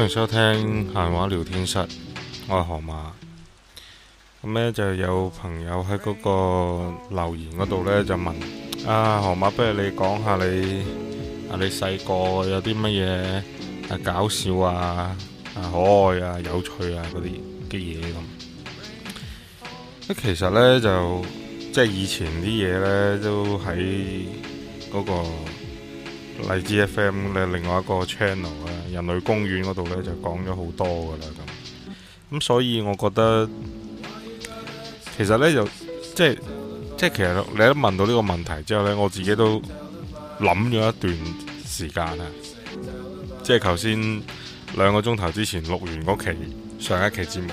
歡迎收聽閒話聊天室，我係河馬。咁呢就有朋友喺嗰個留言嗰度呢，就問：啊，河馬，不如你講下你啊，你細個有啲乜嘢啊搞笑啊、啊可愛啊、有趣啊嗰啲嘅嘢咁？咁其實呢，就即係以前啲嘢呢，都喺嗰個。荔枝 FM 嘅另外一個 channel 啊，人類公園嗰度呢，就講咗好多㗎喇咁，咁所以我覺得其實呢，就即即其實你一問到呢個問題之後呢，我自己都諗咗一段時間啊，即係頭先兩個鐘頭之前錄完嗰期上一期節目，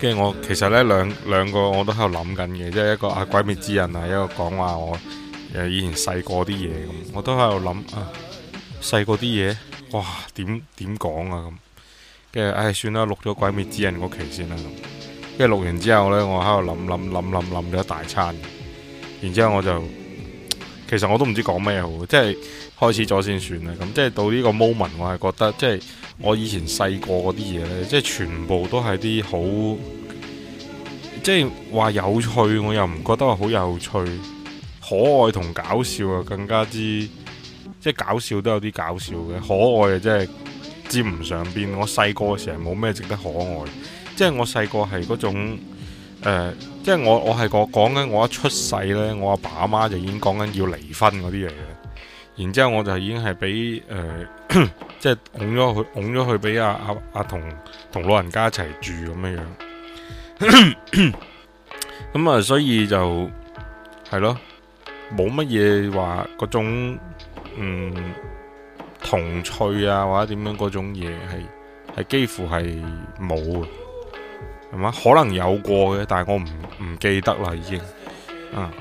跟住我其實呢，兩兩個我都喺度諗緊嘅，即係一個啊鬼滅之刃啊，一個講話我。誒，以前細個啲嘢咁，我都喺度諗啊，細個啲嘢，哇，點點講啊咁，跟住，唉、哎，算啦，錄咗鬼滅之刃嗰期先啦，跟住錄完之後呢，我喺度諗諗諗諗諗咗一大餐，然之後我就，其實我都唔知講咩好，即係開始咗先算啦，咁即係到呢個 moment，我係覺得，即係我以前細個嗰啲嘢呢，即係全部都係啲好，即係話有趣，我又唔覺得話好有趣。可愛同搞笑啊，更加之即係搞笑都有啲搞笑嘅，可愛啊，即係沾唔上邊。我細個嘅時候冇咩值得可愛，即係我細個係嗰種誒，即係我我係個講緊我一出世呢，我阿爸阿媽就已經講緊要離婚嗰啲嚟嘅，然之後我就已經係俾誒即係拱咗去拱咗去俾阿阿阿同同老人家一齊住咁樣樣，咁啊所以就係咯。冇乜嘢話嗰種，嗯，童趣啊或者點樣嗰種嘢係係幾乎係冇嘅係嘛，可能有過嘅，但係我唔唔記得啦已經啊，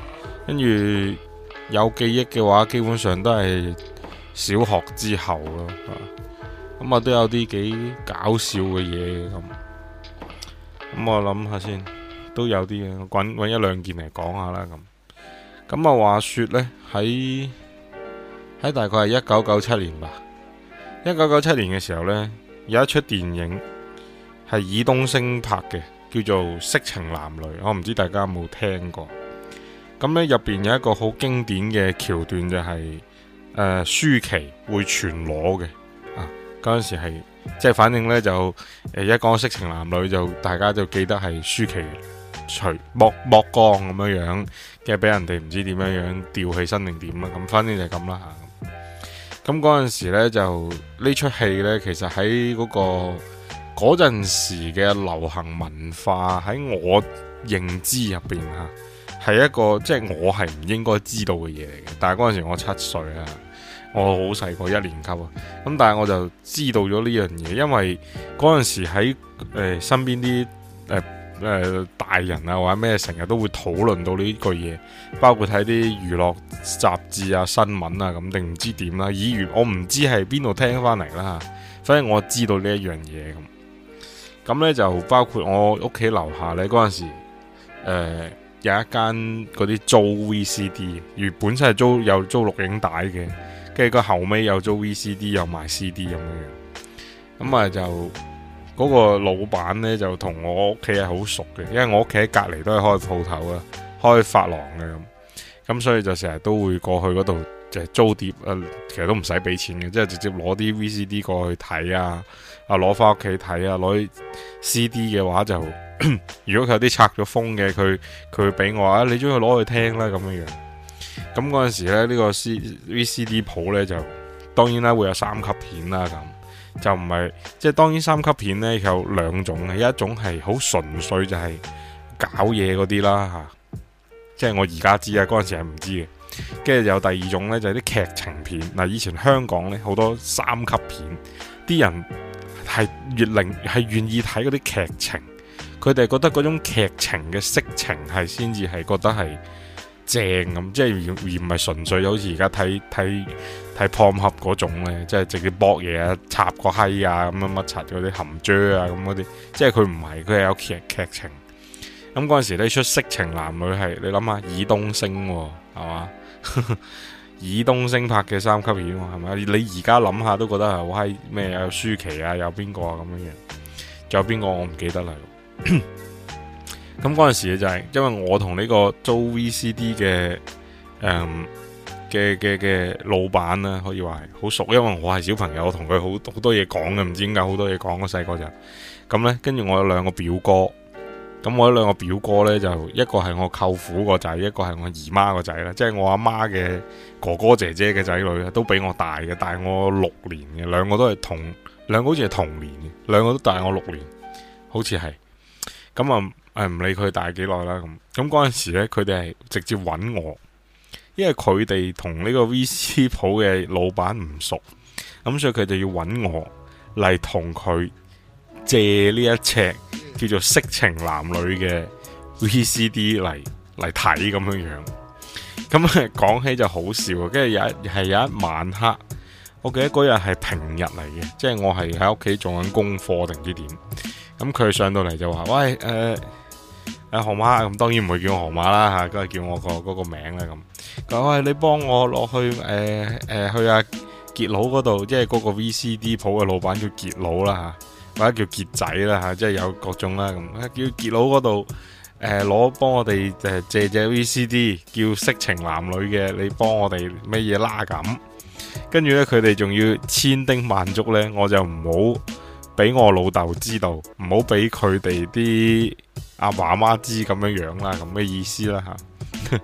跟住有記憶嘅話基本上都係小學之後咯。咁啊都有啲幾搞笑嘅嘢咁，咁我諗下先，都有啲嘅搵一兩件嚟講下啦咁。咁啊，話說呢，喺喺大概係一九九七年吧，一九九七年嘅時候呢，有一出電影係爾冬陞拍嘅，叫做《色情男女》，我唔知大家有冇聽過。咁呢入邊有一個好經典嘅橋段就係，是呃，舒淇會全裸嘅，嗰，啊、陣時係，即係反正呢，就，一講色情男女就大家就記得係舒淇。除剝剝光咁樣樣嘅，跟住俾人哋唔知點樣樣吊起身定點啊！咁反正就係咁啦吓。咁嗰陣時呢就出戲，呢出戲呢其實喺嗰、嗰個嗰陣時嘅流行文化喺我認知入邊吓，係一個即係、就是、我係唔應該知道嘅嘢嚟嘅。但係嗰陣時我七歲啊，我好細個一年級啊。咁但係我就知道咗呢樣嘢，因為嗰陣時喺誒、呃、身邊啲誒。呃誒、呃，大人啊，或者咩，成日都會討論到呢句嘢，包括睇啲娛樂雜誌啊、新聞啊，咁定唔知點啦、啊。以前我唔知係邊度聽翻嚟啦，反正我知道這件事、啊、這呢一樣嘢咁。咁呢就包括我屋企樓下咧嗰陣時候，誒、呃、有一間嗰啲租 VCD，原本真係租有租錄影帶嘅，跟住個後尾又租 VCD 又賣 CD 咁樣樣、啊，咁啊就。嗰個老闆呢，就同我屋企係好熟嘅，因為我屋企喺隔離都係開鋪頭啊，開發廊嘅咁，咁所以就成日都會過去嗰度，就係租碟啊，其實都唔使俾錢嘅，即係直接攞啲 VCD 過去睇啊，啊攞翻屋企睇啊，攞 CD 嘅話就， 如果佢有啲拆咗封嘅，佢佢會俾我啊，你將佢攞去聽啦咁樣樣。咁嗰陣時呢，呢、呢個 VCD 鋪呢，就當然啦，會有三級片啦咁。就唔係，即係當然三級片咧，有兩種嘅，一種係好純粹就係搞嘢嗰啲啦吓，即係我而家知啊，嗰陣時係唔知嘅。跟住有第二種呢，就係啲劇情片嗱、啊，以前香港呢，好多三級片，啲人係越齡係願意睇嗰啲劇情，佢哋覺得嗰種劇情嘅色情係先至係覺得係正咁，即係而而唔係純粹好似而家睇睇。睇破殼嗰種咧，即係直接剝嘢啊，插個閪啊，咁樣乜柒嗰啲含蕉啊，咁嗰啲，即係佢唔係佢係有劇劇情。咁嗰陣時咧出色情男女係你諗下，爾冬升喎，係嘛？ 爾冬升拍嘅三級片喎，係咪？你而家諗下都覺得係好閪咩？有舒淇啊，有邊個啊，咁樣樣仲有邊個我唔記得啦。咁嗰陣時就係、係、因為我同呢個租 VCD 嘅誒。嗯嘅嘅嘅老闆啦，可以話係好熟，因為我係小朋友，我同佢好好多嘢講嘅，唔知點解好多嘢講，我細個就咁呢。跟住我有兩個表哥，咁我有兩個表哥呢，就一個係我舅父個仔，一個係我姨媽個仔啦，即係我阿媽嘅哥哥姐姐嘅仔女都比我大嘅，大我六年嘅，兩個都係同兩個好似係同年嘅，兩個都大我六年，好似係咁啊，誒唔理佢大幾耐啦咁。咁嗰陣時咧，佢哋係直接揾我。因為佢哋同呢個 V.C. 鋪嘅老闆唔熟，咁所以佢就要揾我嚟同佢借呢一尺叫做色情男女嘅 V.C.D. 嚟嚟睇咁樣樣。咁啊講起就好笑，跟住有一係有一晚黑，我記得嗰日係平日嚟嘅，即係我係喺屋企做緊功課定唔知點。咁佢上到嚟就話，喂，誒、呃！阿河馬咁，當然唔會叫我河馬啦嚇，都、啊、係叫我、那個嗰、那個、名咧咁。佢話，你幫我攞去誒誒、呃呃、去阿杰佬嗰度，即係嗰個 VCD 鋪嘅老闆叫杰佬啦嚇，或者叫杰仔啦嚇、啊，即係有各種啦咁、啊。叫杰佬嗰度誒攞幫我哋誒借隻 VCD 叫色情男女嘅，你幫我哋乜嘢啦，咁。跟住咧，佢哋仲要千叮萬囑咧，我就唔好俾我老豆知道，唔好俾佢哋啲。阿爸阿媽知咁樣樣啦，咁嘅意思啦吓，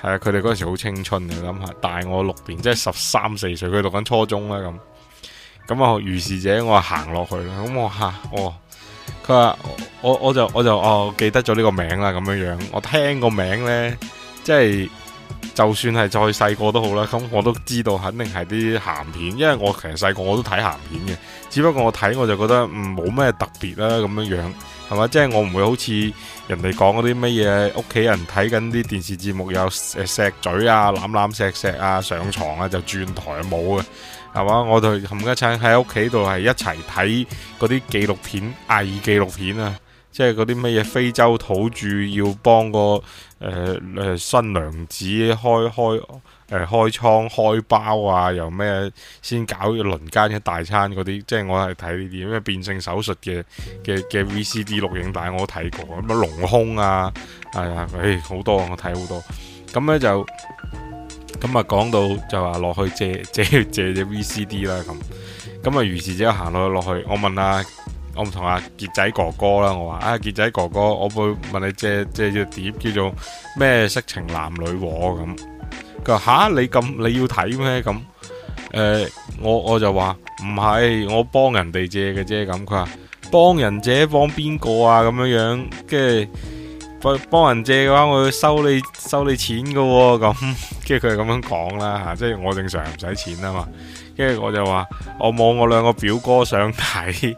係 啊，佢哋嗰陣時好青春啊，諗下大我六年，即係十三四歲，佢讀緊初中啦咁，咁啊如是者，我行落去啦，咁我吓哦，佢話我我就我就哦記得咗呢個名啦，咁樣樣，我聽個名呢，即係就算係再細個都好啦，咁我都知道肯定係啲鹹片，因為我其實細個我都睇鹹片嘅，只不過我睇我就覺得冇咩、嗯、特別啦，咁樣樣。係嘛？即係我唔會好似人哋講嗰啲乜嘢，屋企人睇緊啲電視節目有錫嘴啊、攬攬錫錫啊、上床啊就轉台冇嘅，係嘛？我哋冚家鏟喺屋企度係一齊睇嗰啲紀錄片、偽紀錄片啊。即係嗰啲乜嘢，非洲土著要幫個誒誒、呃呃、新娘子開開誒、呃、開倉開包啊，又咩先搞一輪間嘅大餐嗰啲，即係我係睇呢啲咩變性手術嘅嘅嘅 VCD 錄影帶，我睇過咁啊隆胸啊，係、哎、啊、誒好多我睇好多，咁咧就咁啊講到就話落去借借借隻 VCD 啦咁，咁啊如是者行落去落去，我問啊。我唔同阿杰仔哥哥啦，我話啊杰仔哥哥，我會問你借借隻碟，叫做咩色情男女咁、喔。佢話吓你咁你要睇咩咁？誒、欸，我我就話唔係，我幫人哋借嘅啫。咁佢話幫人借幫邊個啊？咁樣樣，即係幫人借嘅話，我要收你收你錢噶咁、喔啊。即係佢係咁樣講啦吓，即係我正常唔使錢啊嘛。跟住我就話我望我兩個表哥想睇。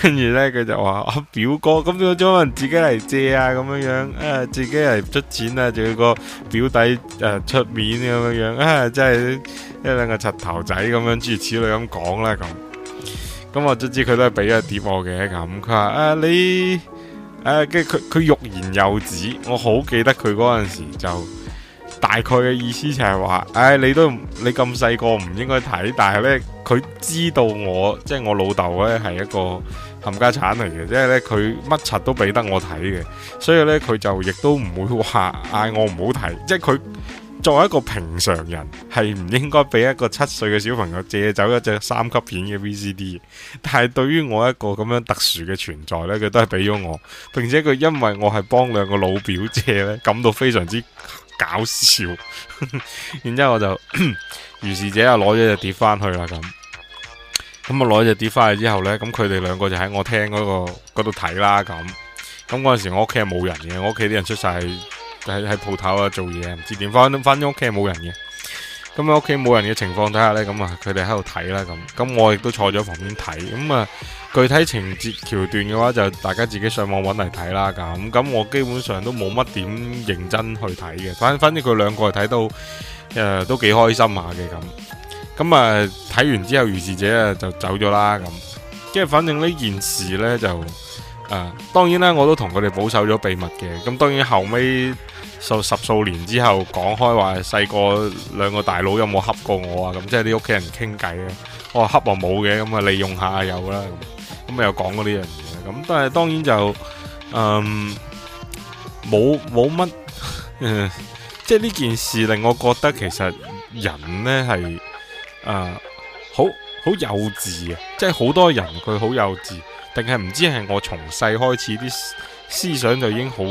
跟住 呢，佢就話：我、啊、表哥咁，我想人自己嚟借啊，咁樣樣誒、啊，自己嚟出錢啊，仲要個表弟誒、啊、出面咁樣樣啊，真係一兩個柒頭仔咁樣諸如此類咁講啦咁。咁我卒知佢都係俾咗碟我嘅咁，佢話：啊你誒，佢、啊、佢欲言又止，我好記得佢嗰陣時就。大概嘅意思就係話，唉，你都你咁細個唔應該睇，但係呢，佢知道我，即係我老豆呢，係一個冚家鏟嚟嘅，即係呢，佢乜柒都俾得我睇嘅，所以呢，佢就亦都唔會話嗌我唔好睇，即係佢作為一個平常人係唔應該俾一個七歲嘅小朋友借走一隻三級片嘅 VCD。但係對於我一個咁樣特殊嘅存在呢，佢都係俾咗我，並且佢因為我係幫兩個老表借呢，感到非常之。搞笑，呵呵然之後我就 如是者又攞咗隻碟翻去啦，咁，咁啊攞隻碟翻去之後呢，咁佢哋兩個就喺我廳嗰、嗰個嗰度睇啦，咁，咁嗰陣時候我屋企係冇人嘅，我屋企啲人出晒喺喺鋪頭啊做嘢，唔知點翻翻咗屋企係冇人嘅。咁喺屋企冇人嘅情況底下呢，咁啊佢哋喺度睇啦咁，咁我亦都坐咗旁邊睇，咁啊具體情節橋段嘅話就大家自己上網揾嚟睇啦咁，咁我基本上都冇乜點認真去睇嘅，反反正佢兩個係睇到都幾開心下嘅咁，咁啊睇完之後如是者就走咗啦咁，即係反正呢件事呢，就當、呃、當然啦我都同佢哋保守咗秘密嘅，咁當然後尾。數十數年之後，講開話細個兩個大佬有冇恰過我啊？咁即係啲屋企人傾偈啊！我話恰啊冇嘅，咁啊利用下有啦，咁咁又講過呢樣嘢。咁但係當然就嗯冇冇乜，即係呢件事令我覺得其實人呢係啊好好幼稚啊！即係好多人佢好幼稚，定係唔知係我從細開始啲思想就已經好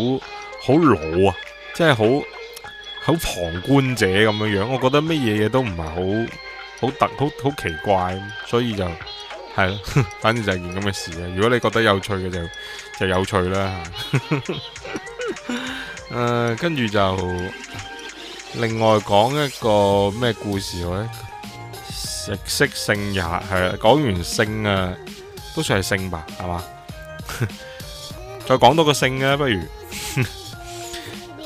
好老啊？即係好好旁觀者咁樣樣，我覺得乜嘢嘢都唔係好好特好好奇怪，所以就係，反正就係件咁嘅事啊。如果你覺得有趣嘅就就有趣啦。誒、 呃，跟住就另外講一個咩故事咧？食色性也係啦，講完性啊，都算係性吧，係嘛？再講多個性啦，不如。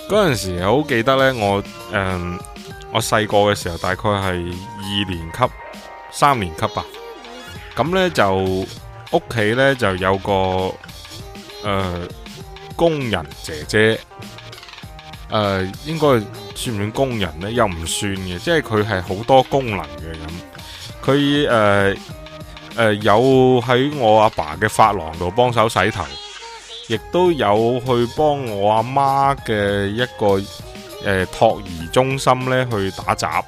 嗰陣時好記得呢、嗯，我誒，我細個嘅時候大概係二年級、三年級吧。咁呢，就屋企呢就有個誒、呃、工人姐姐，誒、呃、應該算唔算工人呢？又唔算嘅，即係佢係好多功能嘅咁。佢誒誒有喺我阿爸嘅髮廊度幫手洗頭。亦都有去幫我阿媽嘅一個誒托兒中心咧去打雜，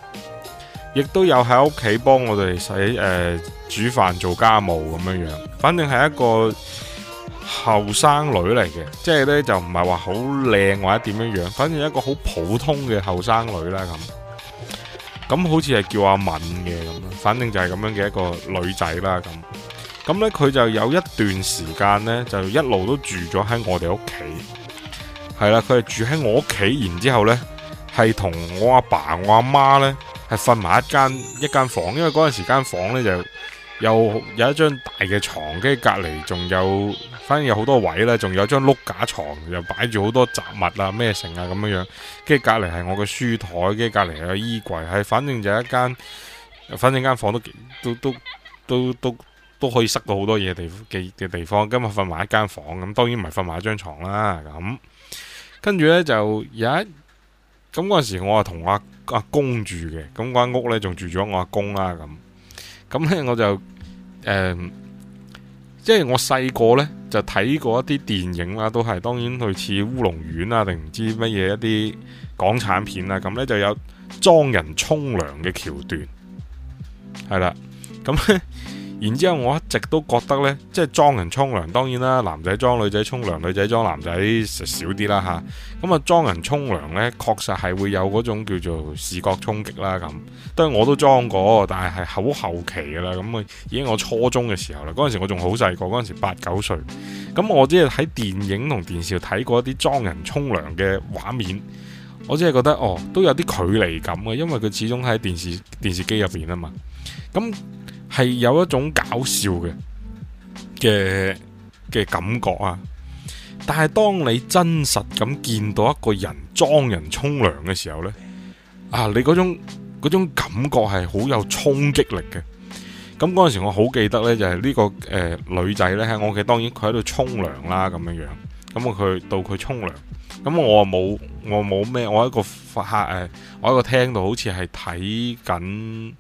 亦都有喺屋企幫我哋洗誒煮飯做家務咁樣樣。反正係一個後生女嚟嘅，即係咧就唔係話好靚或者點樣樣，反正一個好普通嘅後生女啦咁。咁好似係叫阿敏嘅咁，反正就係咁樣嘅一個女仔啦咁。咁咧，佢就有一段時間呢，就一路都住咗喺我哋屋企。係啦，佢係住喺我屋企，然之後呢，係同我阿爸、我阿媽呢，係瞓埋一間一間房，因為嗰陣時間房呢，就有有一張大嘅床，跟住隔離仲有，反正有好多位呢，仲有一張碌架床，又擺住好多雜物啊咩成啊咁樣樣。跟住隔離係我嘅書台，跟住隔離係個衣櫃，係反正就一間，反正間房都都都都都，都都都都可以塞到好多嘢、地方嘅嘅地方。今日瞓埋一間房咁，當然唔係瞓埋一張床啦。咁跟住呢，就有一咁嗰陣時，我係同阿阿公住嘅，咁間屋呢，仲住咗我阿公啦。咁咁呢，我就誒，即係我細個呢，就睇過一啲電影啦，都係當然類似烏龍院啊，定唔知乜嘢一啲港產片啊。咁呢，就有裝人沖涼嘅橋段，係啦，咁。 然之後，我一直都覺得呢，即係裝人沖涼，當然啦，男仔裝女仔沖涼，女仔裝男仔就少啲啦吓咁啊，裝人沖涼呢，確實係會有嗰種叫做視覺衝擊啦咁。當然我都裝過，但係係好後期噶啦，咁啊已經我初中嘅時候啦。嗰陣時我仲好細個，嗰陣時八九歲。咁我只係喺電影同電視睇過一啲裝人沖涼嘅畫面，我只係覺得哦，都有啲距離感嘅，因為佢始終喺電視電視機入邊啊嘛。咁係有一種搞笑嘅嘅嘅感覺啊！但係當你真實咁見到一個人裝人沖涼嘅時候呢，啊，你嗰種嗰種感覺係好有衝擊力嘅。咁嗰陣時我好記得呢，就係、是、呢、呢個誒、呃、女仔呢。喺我嘅，當然佢喺度沖涼啦，咁樣樣。咁我佢到佢沖涼，咁我冇我冇咩，我一個客誒、呃，我一個廳度好似係睇緊。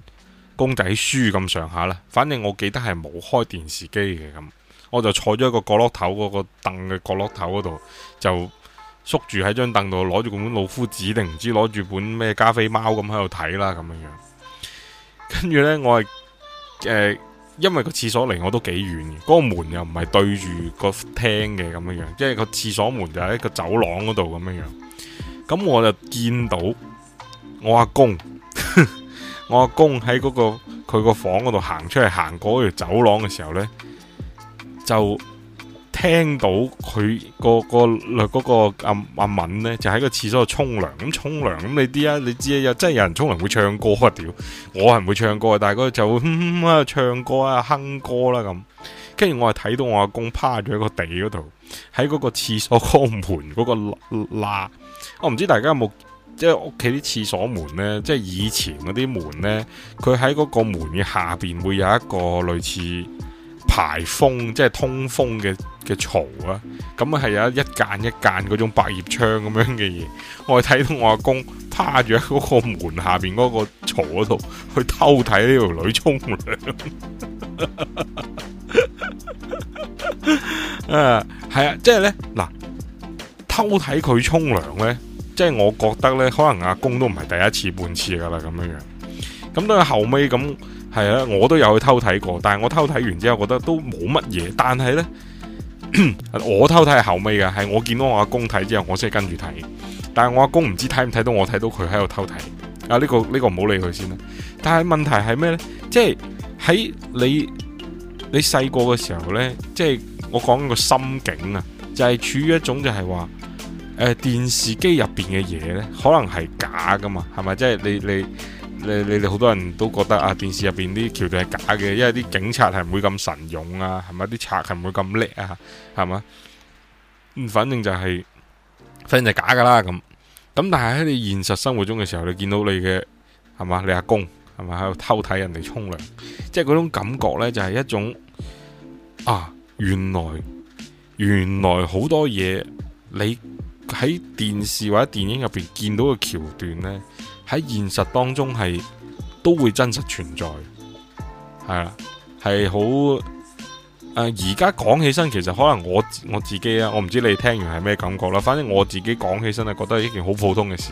公仔書咁上下啦，反正我記得係冇開電視機嘅咁，我就坐咗一個角落頭嗰、嗰個凳嘅角落頭嗰度，就縮住喺張凳度，攞住本《老夫子》定唔知攞住本咩《加菲貓》咁喺度睇啦咁樣樣。跟住呢，我係、呃、因為個廁所離我都幾遠嘅，嗰個門又唔係對住個廳嘅咁樣樣，即係個廁所門就喺個走廊嗰度咁樣樣。咁我就見到我阿公。呵呵我阿公喺嗰、嗰個佢個房嗰度行出嚟，行過嗰條走廊嘅時候呢，就聽到佢個個個阿阿敏呢，就喺個廁所度沖涼。咁沖涼咁你知啊，你知啊，真係有人沖涼會唱歌啊屌！我係唔會唱歌，但係佢就哼、嗯、啊唱歌啦哼、啊、歌啦咁。跟住我係睇到我阿公趴咗喺個地嗰度，喺嗰個廁所個門嗰個罅。我唔知大家有冇。即係屋企啲廁所門呢，即係以前嗰啲門呢，佢喺嗰個門嘅下邊會有一個類似排風，即係通風嘅嘅槽啊。咁啊係有一間一間一間嗰種百葉窗咁樣嘅嘢。我睇到我阿公趴住喺嗰個門下邊嗰個槽嗰度去偷睇呢條女沖涼。誒 啊，係啊，即係呢，嗱，偷睇佢沖涼呢。即係我覺得呢，可能阿公都唔係第一次、半次噶啦咁樣樣。咁到後尾咁係啊，我都有去偷睇過。但係我偷睇完之後，覺得都冇乜嘢。但係呢，我偷睇係後尾噶，係我見到我阿公睇之後，我先跟住睇。但係我阿公唔知睇唔睇到我睇到佢喺度偷睇。啊，呢個呢個唔好理佢先啦。但係問題係咩呢？即係喺你你細個嘅時候呢，即係我講個心境啊，就係處於一種就係話。誒、呃，電視機入邊嘅嘢呢，可能係假噶嘛，係咪？即係你你你你哋好多人都覺得啊，電視入邊啲橋段係假嘅，因為啲警察係唔會咁神勇啊，係咪？啲賊係唔會咁叻啊，係嘛？嗯，反正就係，反正就係假噶啦，咁咁。但係喺你現實生活中嘅時候，你見到你嘅係嘛？你阿公係咪？喺度偷睇人哋沖涼，即係嗰種感覺呢，就係一種啊，原來原來好多嘢你。喺電視或者電影入邊見到嘅橋段呢，喺現實當中係都會真實存在，係啦，係好誒。而家講起身，其實可能我我自己啊，我唔知你聽完係咩感覺啦。反正我自己講起身係，覺得係一件好普通嘅事，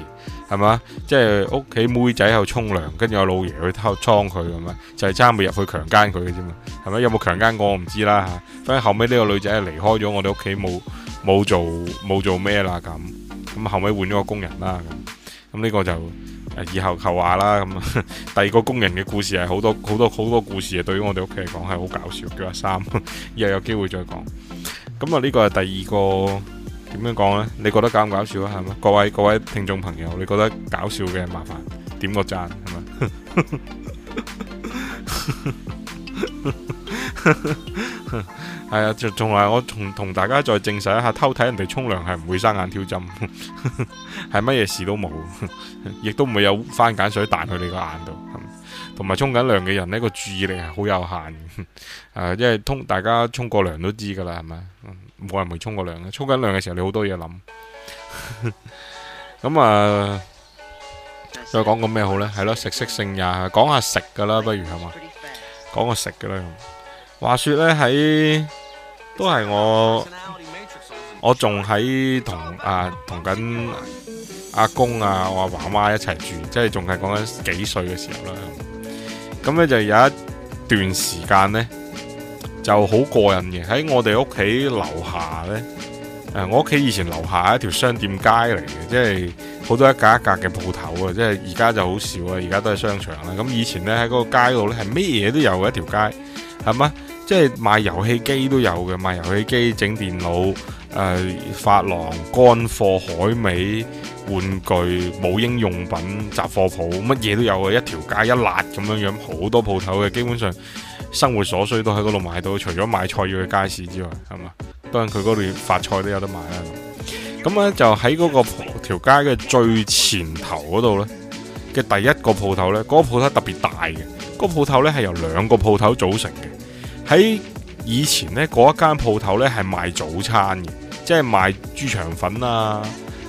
係嘛，即係屋企妹仔喺度沖涼，跟住我老爺去偷倉佢咁啊，就係差唔多入去強姦佢嘅啫嘛，係咪？有冇強姦過我唔知啦吓。反正後尾呢個女仔係離開咗我哋屋企冇。冇做冇做咩啦咁，咁後尾換咗個工人啦咁，咁呢個就以後求話啦咁。第二個工人嘅故事係好多好多好多故事啊！對於我哋屋企嚟講係好搞笑，叫阿三，以後有機會再講。咁啊，呢個係第二個點樣講呢？你覺得搞唔搞笑啊？係咪？各位各位聽眾朋友，你覺得搞笑嘅麻煩點個讚係咪？ 係啊，仲仲我同同大家再證實一下，偷睇人哋沖涼係唔會生眼挑針，係乜嘢事都冇，亦都唔會有返鹼水彈去你個眼度。同埋沖緊涼嘅人呢個注意力係好有限，啊，因為通大家沖過涼都知噶啦，係咪？冇人未沖過涼嘅，沖緊涼嘅時候你好多嘢諗。咁啊，再講個咩好呢？係咯，食色性也，講下食噶啦，不如係嘛？講個食噶啦。話說呢，喺～都係我，我仲喺，同啊同緊阿公啊，我阿爸媽一齊住，即係仲係講緊幾歲嘅時候啦。咁咧就有一段時間咧就好過癮嘅，喺我哋屋企樓下咧，誒、啊，我屋企以前樓下一條商店街嚟嘅，即係好多一格一格嘅鋪頭啊，即係而家就好少啊，而家都係商場啦。咁以前咧喺嗰個街度咧係咩嘢都有一條街，係嘛？即係賣遊戲機都有嘅，賣遊戲機整電腦，誒、呃，發廊、乾貨、海味、玩具、母嬰用品、雜貨鋪，乜嘢都有嘅，一條街一辣咁樣樣，好多鋪頭嘅，基本上生活所需都喺嗰度買到，除咗買菜要去街市之外，係嘛，當然佢嗰度發菜都有得買啦。咁咧就喺嗰個條街嘅最前頭嗰度呢嘅第一個鋪頭呢，嗰、嗰個鋪頭特別大嘅，嗰、嗰個鋪頭咧係由兩個鋪頭組成嘅。喺以前咧，嗰一間鋪頭咧係賣早餐嘅，即係賣豬腸粉啊、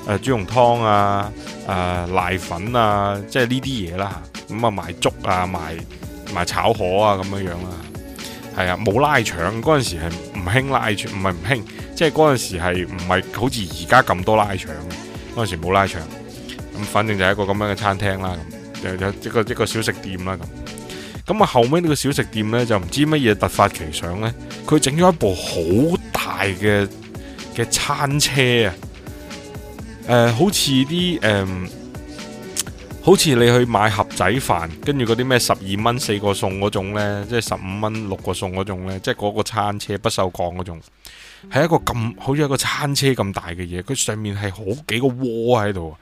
誒豬茸湯啊、啊、呃、瀨粉啊，即係呢啲嘢啦。咁啊賣粥啊，賣賣炒河啊，咁樣樣啦。係啊，冇拉腸嗰陣時係唔興拉腸，唔係唔興，即係嗰陣時係唔係好似而家咁多拉腸。嗰陣時冇拉腸，咁反正就係一個咁樣嘅餐廳啦，就一個一個小食店啦咁。咁啊，後尾呢個小食店呢，就唔知乜嘢突發奇想呢，佢整咗一部好大嘅嘅餐車啊！誒、呃，好似啲誒，好似你去買盒仔飯，跟住嗰啲咩十二蚊四個餸嗰種呢，即係十五蚊六個餸嗰種呢，即係嗰個餐車不鏽鋼嗰種，係一個咁，好似一個餐車咁大嘅嘢，佢上面係好幾個窩喺度，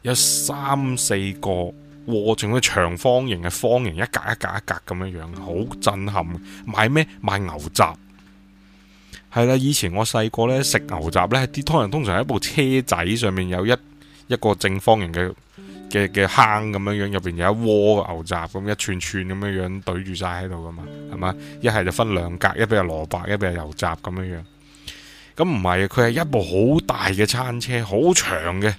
有三四個。整個長方形嘅方形一格一格一格咁樣樣，好震撼。買咩？買牛雜。係啦，以前我細個呢，食牛雜呢，啲湯人通常喺一部車仔上面有一一個正方形嘅嘅嘅坑咁樣樣，入邊有一窩牛雜樣，咁一串串咁樣樣懟住晒喺度噶嘛，係嘛？一係就分兩格，一俾係蘿蔔，一俾係牛雜咁樣樣。咁唔係，佢係一部好大嘅餐車，好長嘅。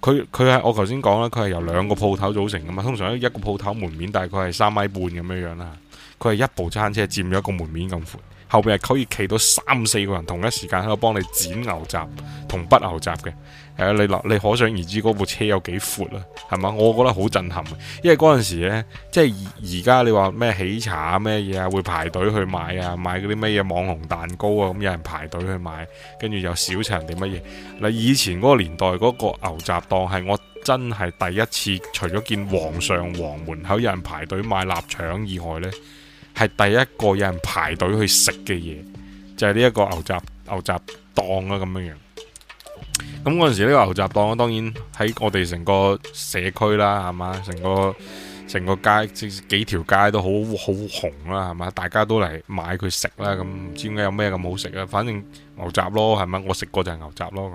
佢佢係我頭先講啦，佢係由兩個鋪頭組成噶嘛，通常一個鋪頭門面大概係三米半咁樣樣啦，佢係一部餐車佔咗一個門面咁闊，後邊係可以企到三四個人同一時間喺度幫你剪牛雜同不牛雜嘅。係啊，你可想而知嗰部車有幾闊啦，啊，係嘛？我覺得好震撼，因為嗰陣時呢，即係而家你話咩喜茶咩，啊、嘢啊，會排隊去買啊，買嗰啲咩嘢網紅蛋糕啊，咁有人排隊去買，跟住又少請人乜嘢。嗱，以前嗰個年代嗰個牛雜檔係我真係第一次，除咗見皇上皇門口有人排隊買臘腸以外呢，係第一個有人排隊去食嘅嘢，就係呢一個牛雜牛雜檔啊，咁樣樣。咁嗰陣時呢個牛雜檔當然喺我哋成個社區啦，係嘛，成個成個街即幾條街都好好紅啦，係嘛，大家都嚟買佢食啦，咁、嗯、唔知點解有咩咁好食啊？反正牛雜咯，係咪？我食過就係牛雜咯，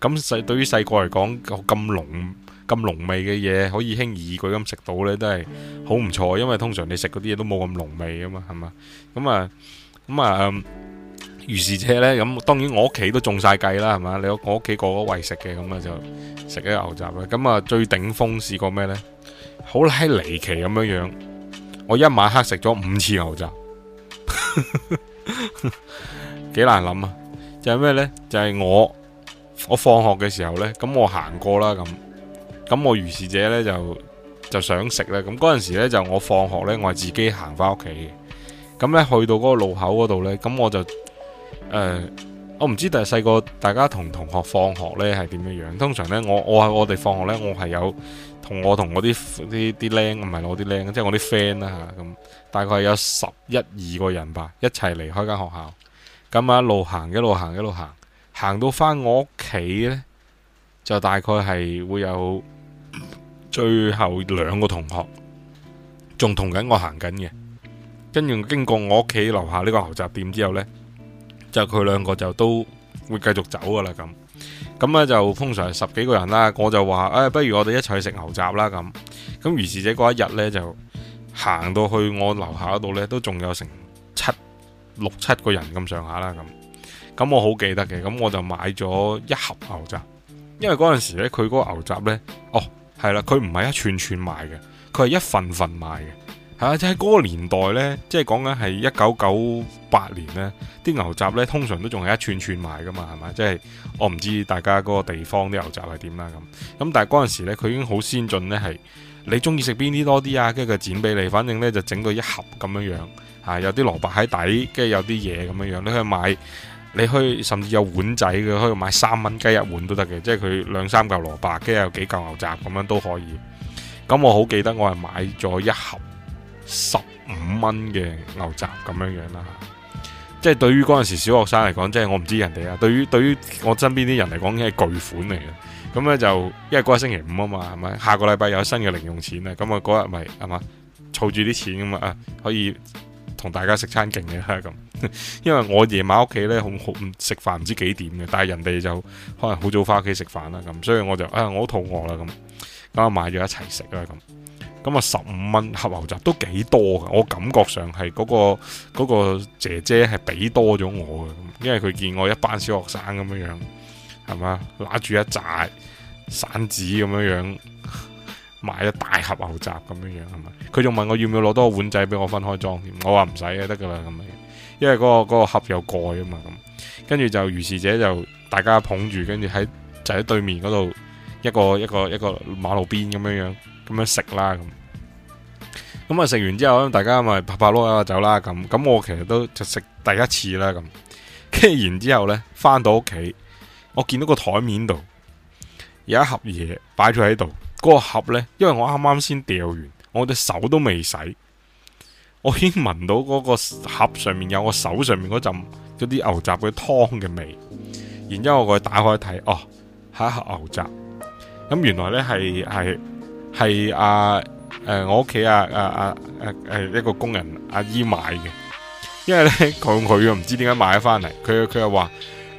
咁咁細對於細個嚟講，咁濃咁濃味嘅嘢可以輕而易舉咁食到呢，都係好唔錯，因為通常你食嗰啲嘢都冇咁濃味㗎嘛，係嘛，咁啊咁啊如是者呢？咁當然我屋企都中晒計啦，係嘛？你我屋企個,個,嗰位食嘅咁啊，就食啲牛雜啦。咁啊，最頂峰試過咩呢？好喺離奇咁樣樣，我一晚黑食咗五次牛雜，幾 難諗啊！就係、是、咩呢？就係、是、我我放學嘅時候呢，咁我行過啦咁，咁我如是者呢，就就想食啦。咁嗰陣時呢，就我放學呢，我係自己行返屋企嘅。咁呢，去到嗰個路口嗰度呢，咁我就。誒、呃，我唔知，但係細個大家同同學放學呢係點樣樣？通常呢，我我我哋放學呢，我係有同我同我啲啲啲僆，唔係我啲僆，即係我啲 friend 啦吓咁，大概有十一二個人吧，一齊離開間學校咁啊，一路行一路行一路行，行到翻我屋企呢，就大概係會有最後兩個同學仲同緊我行緊嘅，跟住經過我屋企樓下呢個牛雜店之後呢。就佢兩個就都會繼續走噶啦咁，咁咧就通常十幾個人啦，我就話誒、哎，不如我哋一齊去食牛雜啦咁。咁於是者嗰一日呢，就行到去我樓下嗰度呢，都仲有成七六七個人咁上下啦咁。咁我好記得嘅，咁我就買咗一盒牛雜，因為嗰陣時咧佢嗰個牛雜呢，哦係啦，佢唔係一串串賣嘅，佢係一份份賣嘅。係，即係嗰個年代呢，即係講緊係一九九八年呢啲牛雜呢，通常都仲係一串串賣噶嘛，係咪？即係我唔知大家嗰個地方啲牛雜係點啦咁。咁但係嗰陣時呢，佢已經好先進呢，係你中意食邊啲多啲啊？跟住佢剪俾你，反正呢就整到一盒咁樣樣啊，有啲蘿蔔喺底，跟住有啲嘢咁樣樣，你可以買，你可以甚至有碗仔嘅，可以買三蚊雞一碗都得嘅，即係佢兩三嚿蘿蔔，跟住有幾嚿牛雜咁樣都可以。咁我好記得，我係買咗一盒。十五蚊嘅牛雜咁樣樣啦，即係對於嗰陣時小學生嚟講，即係我唔知人哋啊。對於對於我身邊啲人嚟講，已係巨款嚟嘅。咁咧就因為嗰日星期五啊嘛，係咪下個禮拜有新嘅零用錢啊？咁啊嗰日咪係嘛，儲住啲錢咁啊，可以同大家食餐勁嘅啦咁。因為我夜晚屋企咧好好食飯，唔知幾點嘅，但係人哋就可能好早翻屋企食飯啦咁，所以我就啊我好肚餓啦咁，咁啊買咗一齊食啦咁。咁啊十五蚊盒牛雜都幾多㗎。我感覺上係嗰個嗰個姐姐係俾多咗我嘅，因為佢見我一班小學生咁樣樣，係嘛，拿住一紮散紙咁樣樣買一大盒牛雜咁樣樣係咪？佢仲問我要唔要攞多個碗仔俾我分開裝添，我話唔使啊得噶啦咁樣，因為嗰個嗰個盒有蓋啊嘛咁，跟住就如是者就大家捧住，跟住喺就喺對面嗰度一個一個一個馬路邊咁樣樣。咁樣食啦，咁咁啊食完之後大家咪拍拍碌啊走啦，咁咁我其實都就食第一次啦，咁跟住然之後咧，翻到屋企，我見到個台面度有一盒嘢擺咗喺度，嗰個盒呢，因為我啱啱先掉完，我隻手都未洗，我已經聞到嗰個盒上面有我手上面嗰陣嗰啲牛雜嘅湯嘅味，然之後我過去打開睇，哦，係一盒牛雜，咁原來呢，係係。係阿誒，我屋企阿阿阿誒，一個工人阿姨買嘅，因為咧講佢又唔知點解買咗翻嚟，佢佢又話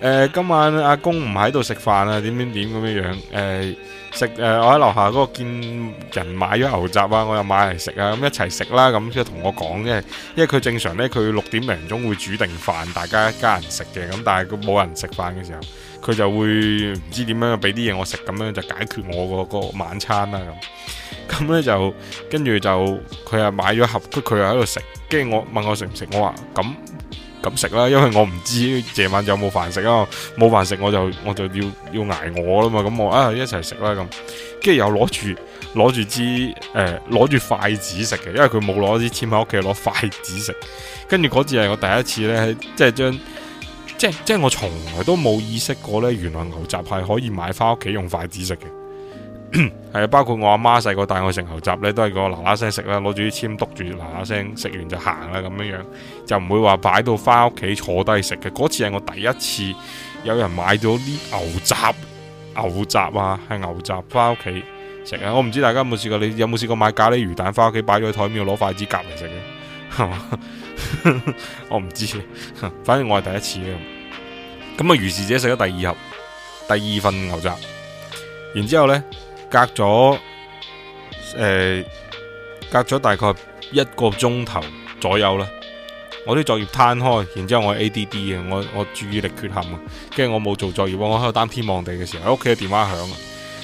誒，今晚阿公唔喺度食飯啊，點點點咁樣樣誒，食、呃、誒、呃，我喺樓下嗰個見人買咗牛雜啊，我又買嚟食啊，咁一齊食啦，咁即係同我講嘅，因為佢正常咧，佢六點零鐘會煮定飯，大家一家人食嘅，咁但係佢冇人食飯嘅時候。佢就會唔知點樣俾啲嘢我食，咁樣就解決我個個晚餐啦咁。咁呢就跟住就佢啊買咗盒，佢又喺度食。跟住我問我食唔食，我話咁咁食啦，因為我唔知夜晚就有冇飯食啊。冇飯食我就我就要我就要挨我啦嘛。咁我啊一齊食啦咁。跟住又攞住攞住支誒攞住筷子食嘅，因為佢冇攞支籤喺屋企攞筷子食。跟住嗰次係我第一次呢，即係將。即係即係，我從來都冇意識過呢，原來牛雜係可以買返屋企用筷子食嘅。係 啊，包括我阿媽細個帶我食牛雜呢都係個嗱嗱聲食啦，攞住啲籤督住嗱嗱聲食完就行啦，咁樣樣就唔會話擺到翻屋企坐低食嘅。嗰次係我第一次有人買咗啲牛雜牛雜啊，係牛雜翻屋企食啊。我唔知大家有冇試過，你有冇試過買咖喱魚蛋翻屋企擺咗喺台面攞筷子夾嚟食嘅？ 我唔知，反正我係第一次咁啊，如是者食咗第二盒、第二份牛雜，然之後呢隔咗誒、呃，隔咗大概一個鐘頭左右啦。我啲作業攤開，然之後我 A D D 嘅，我我注意力缺陷啊，跟住我冇做作業，我喺度擔天望地嘅時候，喺屋企嘅電話響，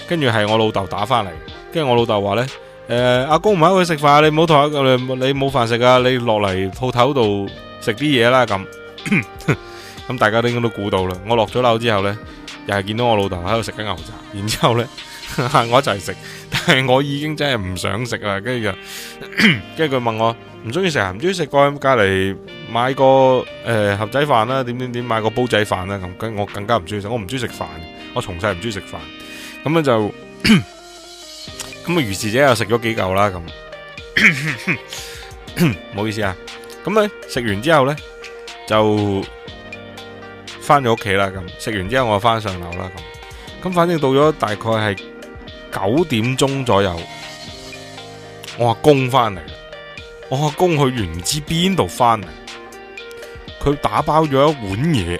跟住係我老豆打翻嚟，跟住我老豆話呢：呃「誒，阿公唔喺去食飯啊，你唔好同阿你你冇飯食啊，你落嚟鋪頭度食啲嘢啦咁。 咁大家應該都應該都估到啦。我落咗樓之後呢，又係見到我老豆喺度食緊牛雜，然之後呢 我一齊食，但係我已經真係唔想食啦。跟住就，跟住佢問我唔中意食啊，唔中意食過咁隔籬買個誒、呃、盒仔飯啦、啊，點點點買個煲仔飯啦，咁跟，我更加唔中意食，我唔中意食飯，我從細唔中意食飯。咁樣就咁啊，如是 者又食咗幾嚿啦。咁，唔 好意思啊。咁咧食完之後呢，就。翻咗屋企啦，咁食完之後我翻上樓啦，咁咁反正到咗大概係九點鐘左右，我阿公翻嚟，我阿公去唔知邊度翻嚟，佢打包咗一碗嘢，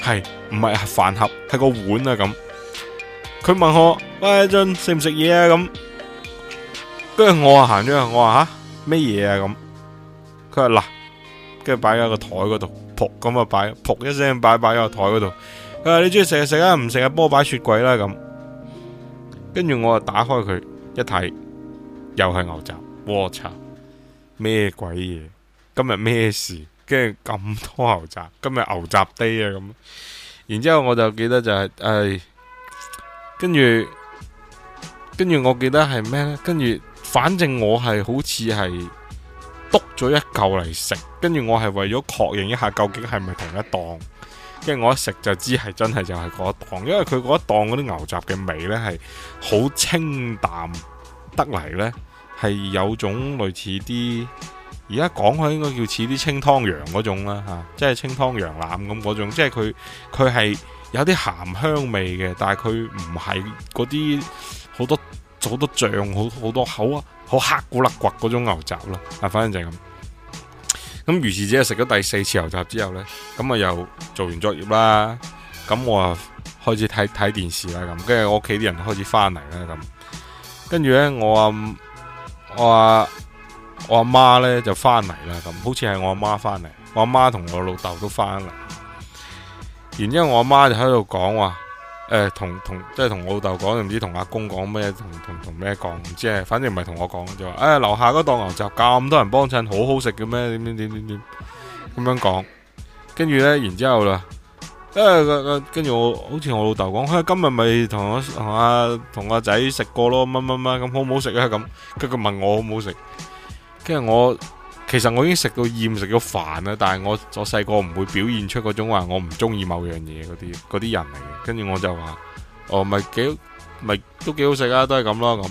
係唔係飯盒，係個碗啊咁。佢問我：喂、哎、俊，食唔食嘢啊？咁，跟住我啊行咗，去，我話吓咩嘢啊？咁，佢話嗱，跟住擺喺個台嗰度。撲咁啊！擺撲一聲，擺擺喺個台嗰度。佢話你中意食就食啦，唔食啊，波擺雪櫃啦咁。跟住我就，打開佢一睇，又係牛雜。我擦，咩鬼嘢？今日咩事？跟住咁多牛雜，今日牛雜 day 啊咁。然之後我就記得就係誒，跟住跟住我記得係咩咧？跟住反正我係好似係。篤咗一嚿嚟食，跟住我係為咗確認一下究竟係咪同一檔，跟住我一食就知係真係就係嗰一檔，因為佢嗰一檔嗰啲牛雜嘅味呢係好清淡得嚟呢係有種類似啲而家講佢應該叫似啲清湯羊嗰種啦吓、啊，即係清湯羊腩咁嗰種，即係佢佢係有啲鹹香味嘅，但係佢唔係嗰啲好多好多醬好好多口啊。好黑古甩骨嗰種牛雜啦，啊，反正就係咁。咁於是只係食咗第四次牛雜之後呢，咁啊又做完作業啦，咁我啊開始睇睇電視啦，咁跟住我屋企啲人開始翻嚟啦，咁跟住呢，我啊我啊我阿媽呢就翻嚟啦，咁好似係我阿媽翻嚟，我阿媽同我老豆都翻嚟。然之後我阿媽就喺度講話。誒，同同即係同我老豆講，定唔知同阿公講咩？同同同咩講，唔知係，反正唔係同我講，就話誒，樓下嗰檔牛雜咁多人幫襯，ze, 好好食嘅咩？點點點點點咁樣講，跟住呢，然之後啦，誒跟住我，好似我老豆講，哎，今日咪同阿同阿同阿仔食過咯，乜乜乜咁好唔好食啊？咁跟佢問我好唔好食，跟住我。其實我已經食到厭食到煩啦，但係我我細個唔會表現出嗰種話我唔中意某樣嘢嗰啲啲人嚟嘅。跟住我就話，我、哦、咪幾唔都幾好食啊，都係咁咯咁。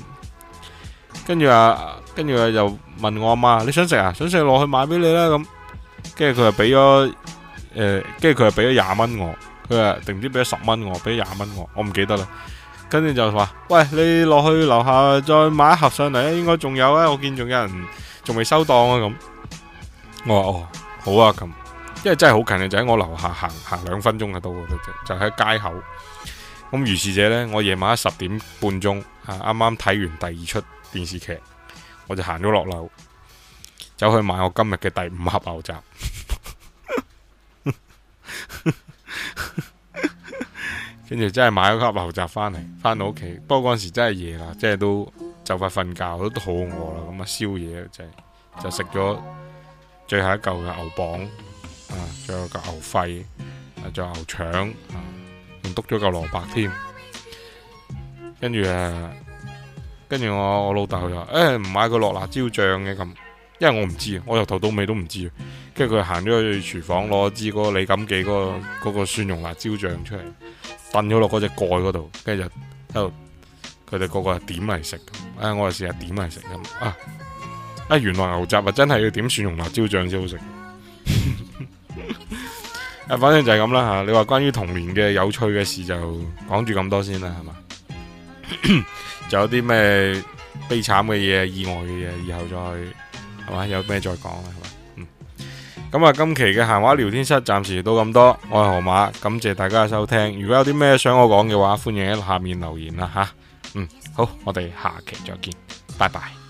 跟住啊，跟住啊，又問我阿媽，你想食啊？想食落去買俾你啦咁。跟住佢就俾咗誒，跟住佢就俾咗廿蚊我，佢啊定唔知俾咗十蚊我，俾咗廿蚊我，我唔記得啦。跟住就話，喂，你落去樓下再買一盒上嚟啊，應該仲有啊，我見仲有人。仲未收檔啊咁，我話哦好啊咁，因為真係好近嘅，就喺我樓下行行兩分鐘嘅度，就喺街口。咁如是者呢，我夜晚十點半鐘啊，啱啱睇完第二出電視劇，我就行咗落樓，走去買我今日嘅第五盒牛雜。跟住 真係買咗盒牛雜返嚟，返到屋企，不過嗰陣時真係夜啦，即係都。就快瞓覺，都好餓啦。咁啊，宵夜就就食咗最後一嚿嘅牛膀，啊，仲有個牛肺，啊，仲有牛腸，仲篤咗嚿蘿蔔添。跟住誒，跟、啊、住我我老豆就話誒唔買佢落辣椒醬嘅咁，因為我唔知啊，我由頭到尾都唔知。跟住佢行咗去廚房攞支嗰個李錦記嗰個嗰個蒜蓉辣椒醬出嚟，揼咗落嗰隻蓋嗰度，跟住就喺度。佢哋個個係點嚟食嘅，我哋試下點嚟食咁啊！啊，原來牛雜啊，真係要點蒜蓉辣椒醬先好食。啊， 反正就係咁啦吓。你話關於童年嘅有趣嘅事就講住咁多先啦，係嘛？仲 有啲咩悲慘嘅嘢、意外嘅嘢，以後再係嘛？有咩再講啦，係嘛？嗯，咁啊，今期嘅閒話聊天室暫時到咁多。我係河馬，感謝大家嘅收聽。如果有啲咩想我講嘅話，歡迎喺下面留言啦，吓。嗯，好，我哋下期再見，拜拜。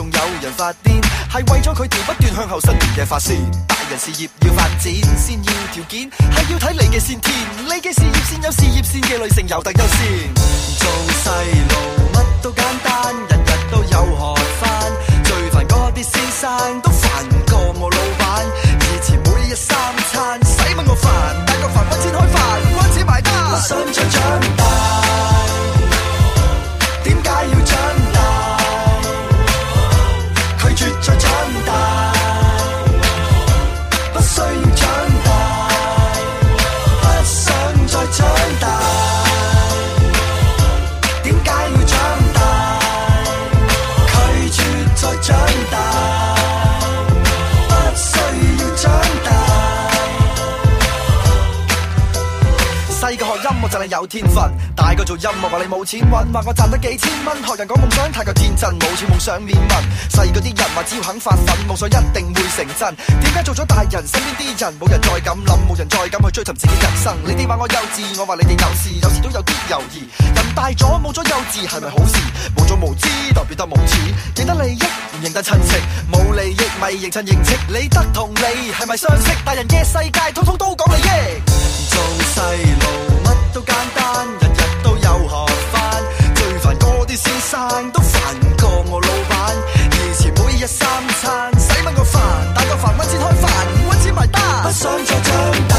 仲有人發癲，係為咗佢條不斷向後伸延嘅髮線。大人事業要發展，先要條件，係要睇你嘅先天。你嘅事業先有事業線嘅累成有特優先。做細路乜都簡單，日日都有學返。最煩嗰啲先生都煩過我老闆。以前每日三餐，使乜我煩？大個煩分錢開飯，關錢埋單，我想再長大。有天分，大個做音樂話你冇錢揾，話我賺得幾千蚊，學人講夢想太過天真，冇錢夢想免問。細個啲人話只要肯發奮，夢想一定會成真。點解做咗大人，身邊啲人冇人再咁諗，冇人再咁去追尋自己人生。你哋話我幼稚，我話你哋幼稚，有時都有啲猶豫。人大咗冇咗幼稚係咪好事？冇咗無知代表得冇錢，認得利益唔認得親戚，冇利益咪認親認戚。你得同你係咪相識？大人嘅世界通通都講利益，做細路乜都簡單，日日都有盒飯。最煩嗰啲先生，都煩過我老闆。以前每日三餐，使問個飯，打個飯，揾錢開飯，揾錢埋單，不想再做